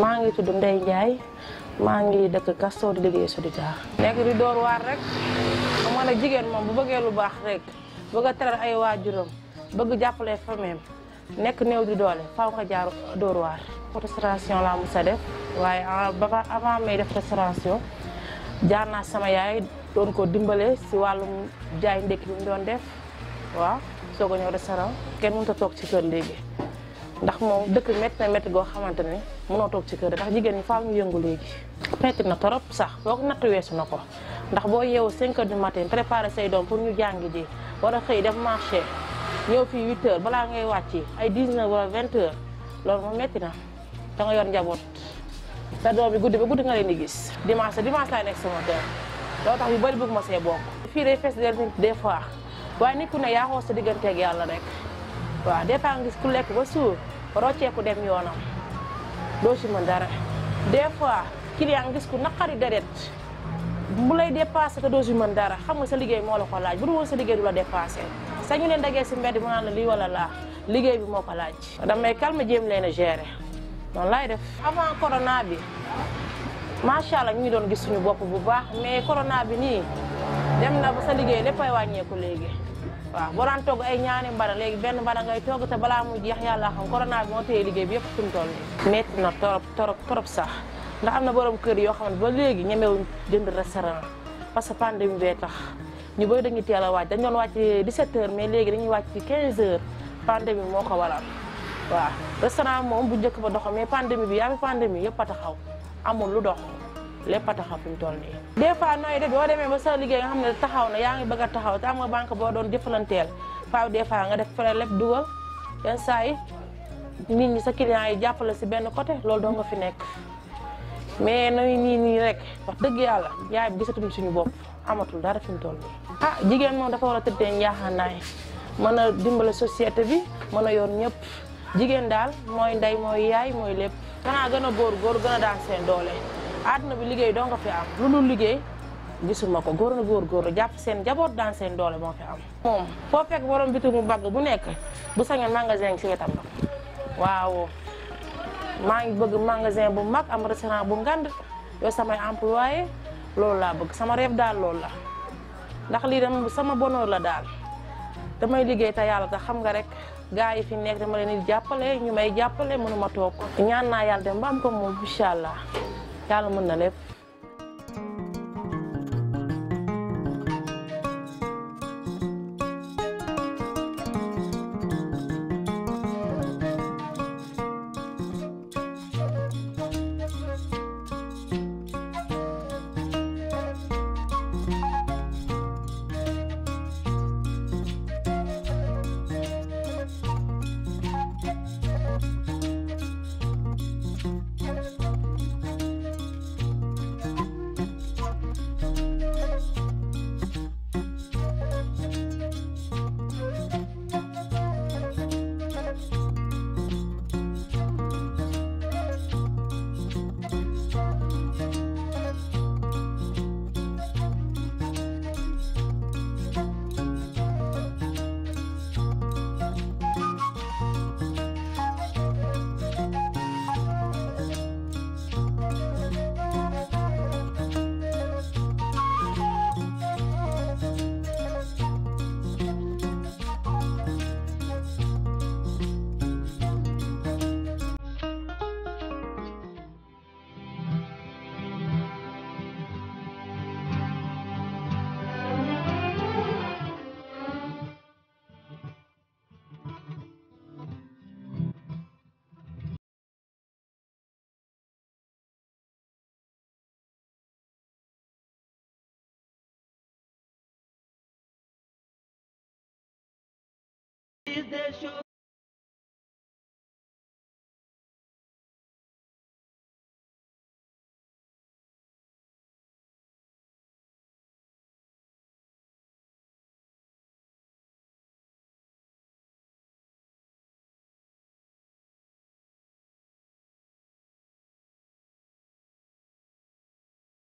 maa ngi tudd Ndeye Ndiaye maa ngi dëkk Kastaw di liggéey Sodica. nekk di door rek xam nga jigéen moom bu bëggee lu baax rek bëgg a teral ay waajuram bëgg jàppale fameem nekk néew di doole faaw nga jaar door waar. restauration laa def waaye ba avant may def restauration jaar naa sama yaay doon ko dimbale si wàllum jaay ndekki bi doon def waaw soog a ñëw restaurant kenn mënut a toog ci kër léegi. ndax moom dëkk métti na métti goo xamante ne mënoo toog ci kër da tax jigéen ñi faaw ñu yëngu léegi métti na trop sax boo ko natt weesu na ko ndax boo yeewu 5 heures du matin préparé say doom pour ñu jàngi ji war a xëy def marché ñëw fii 8 heures balaa ngay wàcc ay 19 wala 20 heures loolu moom métti na da nga yor njaboot te doom bi guddi ba guddi nga leen di gis dimanche dimanche laay nekk sama kër loolu tax yu bëri bëgg ma see bokk fii day fees des fois waaye nit ku ne sa digganteeg yàlla rek waaw des fois gis ku lekk ba suur rocceeku dem yoonam doo ci mën dara des fois client nga gis ku naqari deret bu lay dépassé te doo ci mën dara xam nga sa liggéey moo la ko laaj bu dul woon sa liggéey du la dépassé sañu leen dagee ci mbedd mu naan la lii wala laa liggéey bi moo ko laaj. damay ma jéem leen a gérer noonu laay def. avant corona bi macha allah ñu ngi doon gis suñu bopp bu baax mais corona bi nii dem na ba sa liggéey léppay wàññeeku léegi. waaw boo daan togg ay e ñaani mbana léegi benn mbana ngay togg te balaa mu jeex yàlla xam corona bi moo téye liggéey bi yëpp fi mu toll metti na torop torop torop sax ndax am na borom kër yoo xam ne ba léegi ñemewuñ jënd restaurant parce que pandémie bee tax ñu bëri dañuy teel a wàcc dañ doon wàcc 17 heures mais léegi dañuy wàcc 15 heures pandémie moo ko waral waaw restaurant moom bu njëkk ba doxal mais pandémie bi yaa pandémie yëpp a taxaw amul lu dox lépp a taxaw fi mu des fois nooy def boo demee ba sa liggéey nga xam ne taxaw na yaa ngi bëgg a taxaw te am nga banque boo doon jëfalanteel faaw des fois nga def frais lépp dugal yenn saa yi nit ñi sa client yi jàppale si benn côté loolu doon nga fi nekk. mais nooy nii nii rek wax dëgg yàlla yaay bi gisatuñ suñu bopp amatul dara fi mu toll nii. ah jigéen moom dafa war a tëddee njaaxaanaay mën a dimbale société bi mën a yoon ñëpp jigéen daal mooy ndey mooy yaay mooy lépp. xanaa gën a góor góor gën daan seen doole. aduna bi liggey doo nga fi am lu dul liggey gisuma ko gor na gor gor japp sen jaboot dan sen dole mo fi am mom fo fek borom bitu mu bag bu nek bu sañoon magasin ci wetam la waaw ma ngi bëgg magasin bu mag am restaurant bu ngand yo sama employé lool la bëgg sama rêve dal lool la ndax li dem sama bonheur la dal damay liggey ta yalla ta xam nga rek gaay fi nek dama leni jappale ñu may jàppale mënuma toog ñaan na yalla dem ba am ko mo inshallah yàlla mën na lépp দেশ